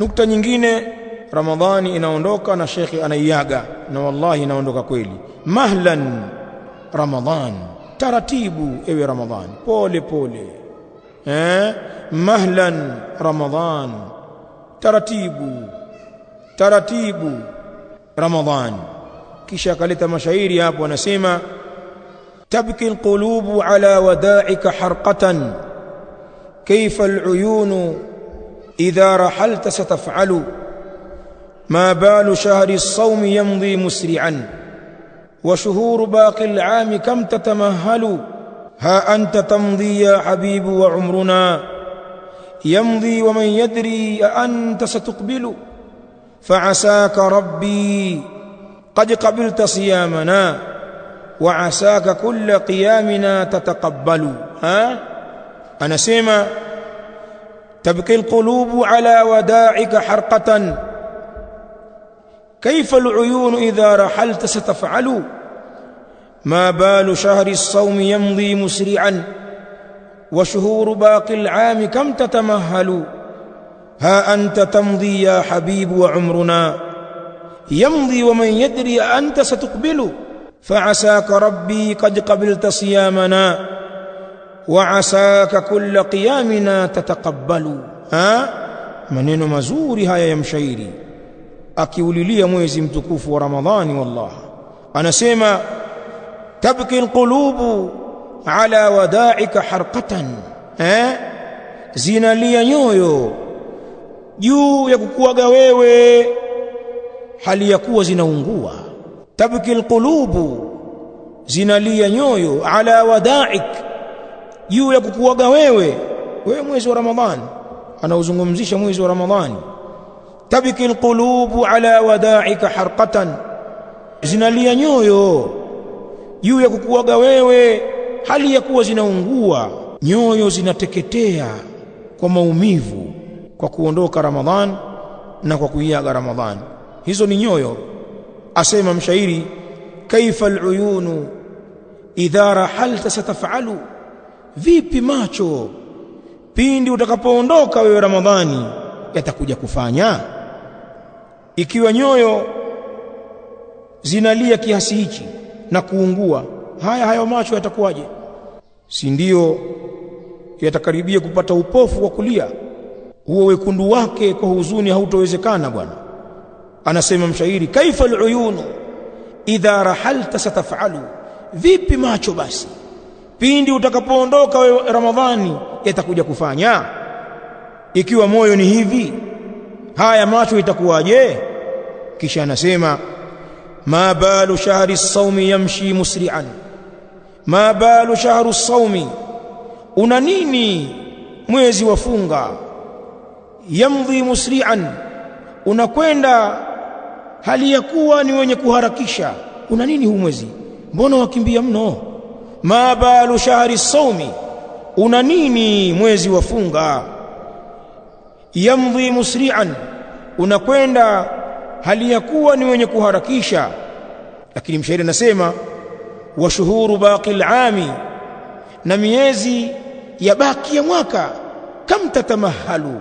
nukta nyingine ramadhani inaondoka na shekhi anaiaga na wallahi inaondoka kweli mahlan ramadhan taratibu ewe ramadhan pole pole eh? mahlan ramadhan taratibu taratibu ramadhan kisha akaleta mashairi hapo anasema tabki القلوب ala wadaika harqatan kaifa العيون إذا رحلت ستفعل ما بال شهر الصوم يمضي مسرعا وشهور باقي العام كم تتمهل ها أنت تمضي يا حبيب وعمرنا يمضي ومن يدري أأنت ستقبل فعساك ربي قد قبلت صيامنا وعساك كل قيامنا تتقبل ها أنا سيما تبكي القلوب على وداعك حرقة كيف العيون إذا رحلت ستفعل ما بال شهر الصوم يمضي مسرعا وشهور باقي العام كم تتمهل ها أنت تمضي يا حبيب وعمرنا يمضي ومن يدري أنت ستقبل فعساك ربي قد قبلت صيامنا waasaka kulla qiyamina tataqabbalu ha? maneno mazuri haya ya mshairi akiulilia mwezi mtukufu wa Ramadhani wallahi anasema tabki alqulubu ala wada'ika harqatan zinalia nyoyo juu ya kukuaga wewe hali ya kuwa zinaungua tabki alqulubu zinalia nyoyo ala wada'ik juu ya kukuaga wewe wewe mwezi wa Ramadhani anauzungumzisha mwezi wa Ramadhani tabiki alqulubu ala wada'ika harqatan zinalia nyoyo juu ya kukuaga wewe hali ya kuwa zinaungua nyoyo zinateketea kwa maumivu kwa kuondoka Ramadhan na kwa kuiaga Ramadhan hizo ni nyoyo asema mshairi kaifa aluyunu idha rahalta satafalu vipi macho pindi utakapoondoka wewe Ramadhani yatakuja kufanya? Ikiwa nyoyo zinalia kiasi hichi na kuungua, haya hayo macho yatakuwaje? Si ndio yatakaribia kupata upofu wa kulia, huo wekundu wake kwa huzuni hautowezekana. Bwana anasema mshairi, kaifa aluyunu idha rahalta satafalu, vipi macho basi pindi utakapoondoka wewe Ramadhani yatakuja kufanya. Ikiwa moyo ni hivi, haya macho itakuwaje? Kisha anasema ma balu shahri saumi yamshi musri'an, ma balu shahru saumi, una nini mwezi wa funga? Yamdhi musri'an, unakwenda hali ya kuwa ni wenye kuharakisha. Una nini huu mwezi? Mbona wakimbia mno? ma balu shahri saumi, una nini mwezi wa funga? Yamdhi musri'an, unakwenda hali ya kuwa ni wenye kuharakisha. Lakini mshairi anasema wa shuhuru baqi ami, na miezi ya baki ya mwaka. Kam tatamahalu,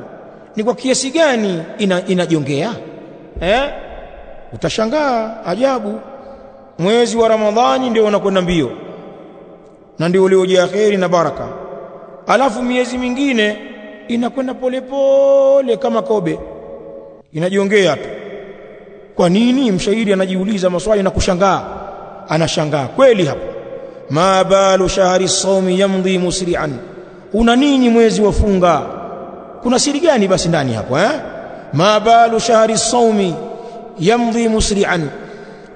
ni kwa kiasi gani inajongea? Ina eh? Utashangaa ajabu, mwezi wa Ramadhani ndio unakwenda mbio na ndio uliojaa kheri na baraka. Alafu miezi mingine inakwenda polepole kama kobe, inajiongea tu. Kwa nini? Mshairi anajiuliza maswali na kushangaa, anashangaa kweli hapo. Ma balu shahri saumi yamdhi musri'an, una nini mwezi wa funga? Kuna siri gani basi ndani hapo eh? Ma balu shahri saumi yamdhi musri'an,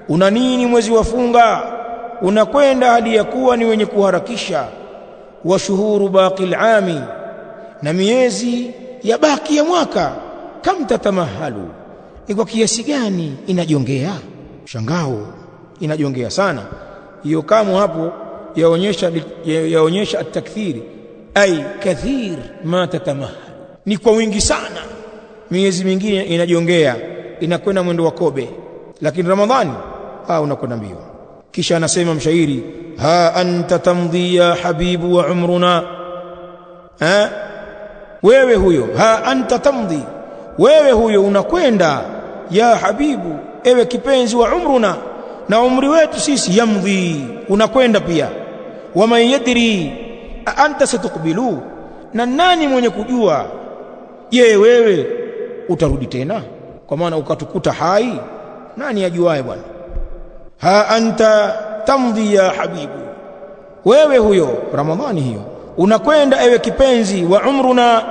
una nini mwezi wa funga unakwenda hali ya kuwa ni wenye kuharakisha. Wa shuhuru baqi lami, na miezi ya baki ya mwaka. Kam tatamahalu, ni kwa kiasi gani inajongea? Shangao inajongea sana hiyo. Kamu hapo yaonyesha, yaonyesha atakthiri ai kathir ma tatamahalu ni kwa wingi sana. Miezi mingine inajongea inakwenda mwendo wa kobe, lakini Ramadhani ah, unakwenda mbio kisha anasema mshairi ha anta tamdhi ya habibu wa umruna ha? wewe huyo ha anta tamdhi wewe huyo unakwenda ya habibu ewe kipenzi wa umruna na umri wetu sisi yamdhi unakwenda pia wa yadri anta satukbilu na nani mwenye kujua je wewe utarudi tena kwa maana ukatukuta hai nani ajuaye bwana ha anta tamdhi ya habibu, wewe huyo Ramadhani hiyo unakwenda ewe kipenzi, wa umruna,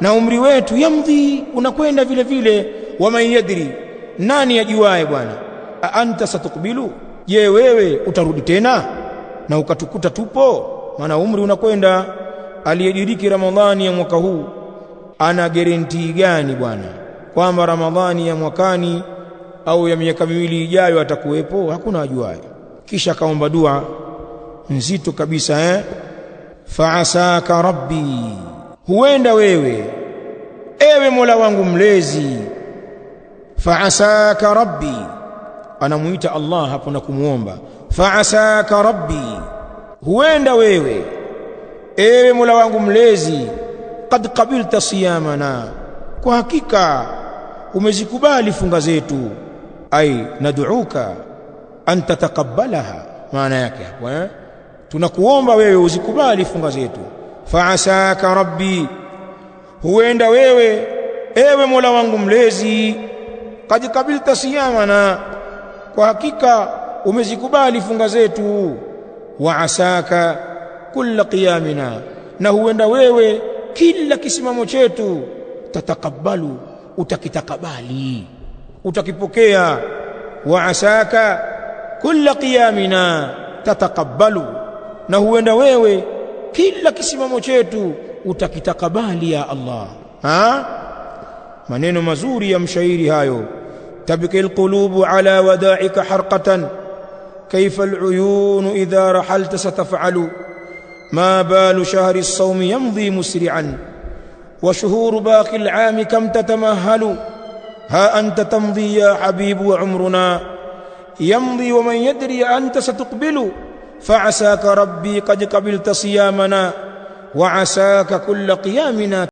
na umri wetu, yamdhi, unakwenda vile vile. Wa man yadri, nani ajuae bwana, a anta satukbilu, je wewe utarudi tena na ukatukuta tupo? Maana umri unakwenda. Aliyediriki Ramadhani ya mwaka huu ana gerentii gani bwana kwamba Ramadhani ya mwakani au ya miaka miwili ijayo atakuwepo, hakuna ajuaye. Kisha akaomba dua nzito kabisa eh, faasaka rabbi, huenda wewe ewe Mola wangu mlezi. Faasaka rabbi, anamuita Allah hapo na kumwomba. Faasaka rabbi, huenda wewe ewe Mola wangu mlezi, kad kabilta siyamana, kwa hakika umezikubali funga zetu ai nad'uka an tataqabbalaha, maana yake hapo eh, tunakuomba wewe uzikubali funga zetu. Faasaka rabbi, huenda wewe ewe Mola wangu mlezi, kad kabilta siyamana, kwa hakika umezikubali funga zetu. Wa asaka kulla qiyamina, na huenda wewe kila kisimamo chetu tatakabalu, utakitakabali utakipokea wa asaka kulla qiyamina tataqabbalu na huenda wewe kila kisimamo chetu utakitakabali ya Allah ha? maneno mazuri ya mshairi hayo tabki alqulubu ala wada'ika harqatan kayfa aluyun idha rahalta sataf'alu ما بال شهر الصوم يمضي مسرعا وشهور باقي العام كم تتمهل ها أنت تمضي يا حبيب وعمرنا يمضي ومن يدري أنت ستقبل فعساك ربي قد قبلت صيامنا وعساك كل قيامنا